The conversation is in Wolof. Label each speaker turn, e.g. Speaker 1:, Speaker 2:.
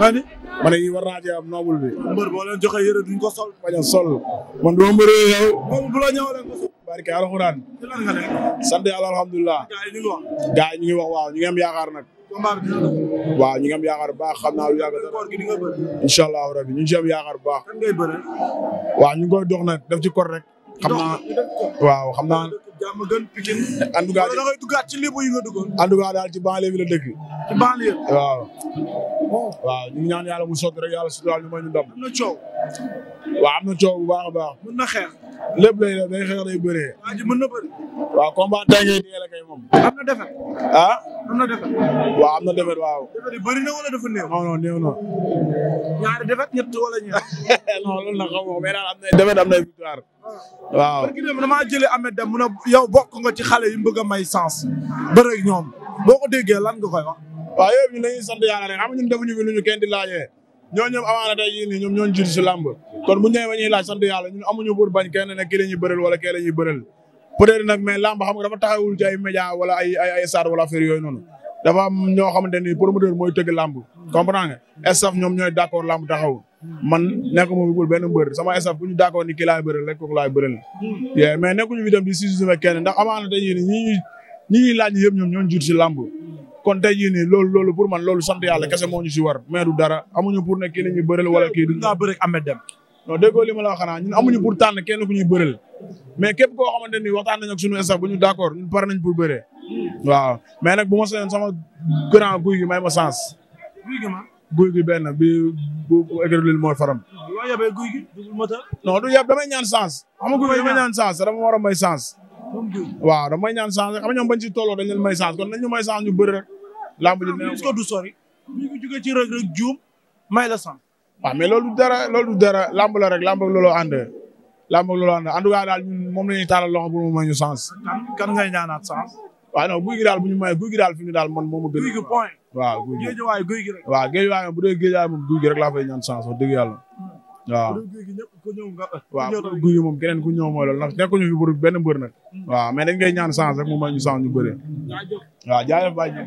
Speaker 1: mani ma ne war naa cee bi. mbër boo leen joxe yëre ko sol. bañ a sol man dama mbëree yow. boobu bu la ñëw rek ko sol. barke alxuraan. sant yàlla yaakaar nag. waaw ñu ngi am baax xam naa lu yàgg dara. incha allah rabi ñu ngi baax. waaw ñu ngi koy dox nag def ci kor rek. xam naa waaw xam naa. jàmm gën pikin. en tout cas da ngay duggaat ci lébu yi nga duggoon. en tout cas daal ci banlieue bi la dëkk. ci banlieue. waaw. Oh. waaw ñu ngi ñaan yàlla mu sotti rek yàlla suturaal ñu may ñu ndam. am na coow. waaw am na coow bu a baax. lépp lay def day xeex day bëree. waa ji mën na bëri. waaw combat tey ngay kay moom. am na defet. ah. am na defet. waaw am na defet waaw. defet yi bëri na wala dafa néew. non defet ñaar. non loolu nag xam nga mais am na defet am na victoire. Ah. waaw parce que dama damaa jëlee Ahmed Deme mu ne yow bokk nga ci xale yi mu bëgg a may sens. bëreeg ñoom boo ko déggee lan nga koy wax. waaw yooyu ñu dañuy sant yàlla rek xam nga ñun defuñu fi lu ñu di laajee. ñoo ñoom amaana tey jii ñoom ñoo ñu jiitu si làmb kon bu ñu la ñuy bëreel wala kii la ñuy bëreel peut-être nag mais làmb xam nga dafa taxawul am ñoo xamante ni promoteur mooy tëgg làmb comprendre ñoom ñooy d'accord làmb taxawul man nekkuma bugul benn mbër bu ñu d'accord ni kii laay bëreel rek kooku laay bëreel mais nekkuñu si kenn ndax amaana tey laaj yëpp ñoom ñoo ñu jiitu si làmb kon tey jii nii loolu loolu pour man lolu sant yàlla kese moo ñu si war mais du dara amuñu pour ne kii la ñuy wala kii duñ laa bëre ak Ahmed Deme non déggoo amuñu pour tànn kenn ku ñuy bëreel mais képp koo xamante ni waxtaan nañ ak suñu staff bu ñu d'accord ñun pare mais nag bu ma sañoon sama grand guy gi may ma sens guy gi benn bi bu écrédil moo faram. waaw yabee guy gi. non du yab damay ñaan sens. xam guy gi damay ñaan sens war a may waaw damay ñaan chance xam nga ñoom bañ ci tolloo dañ leen may chance kon nañ ñu may chance ñu bëri rek lamb la sant waaw mais loolu du dara loolu du lamb la rek lamb ak looloo ànd lamb ak looloo ànd en ñun moom la ñuy taalal loxo bu mu may ñu chance kan ngay ñaanaat chance waaw non guy gi daal bu ñu may guy gi daal fi ñu daal man moom a gën guy gi point waaw guy gi waaw géej waay bu dee géej waay moom guy gi rek laa fay ñaan chance wax dëgg yàlla waaw waaw guy gi moom keneen ku ñëw mooy loolu ndax nekkuñu fi bëri benn mbër nag hmm. waaw mais dañ koy ñaan chance rek mu may ñu chance ñu bëri waaw jaajëf bàyyi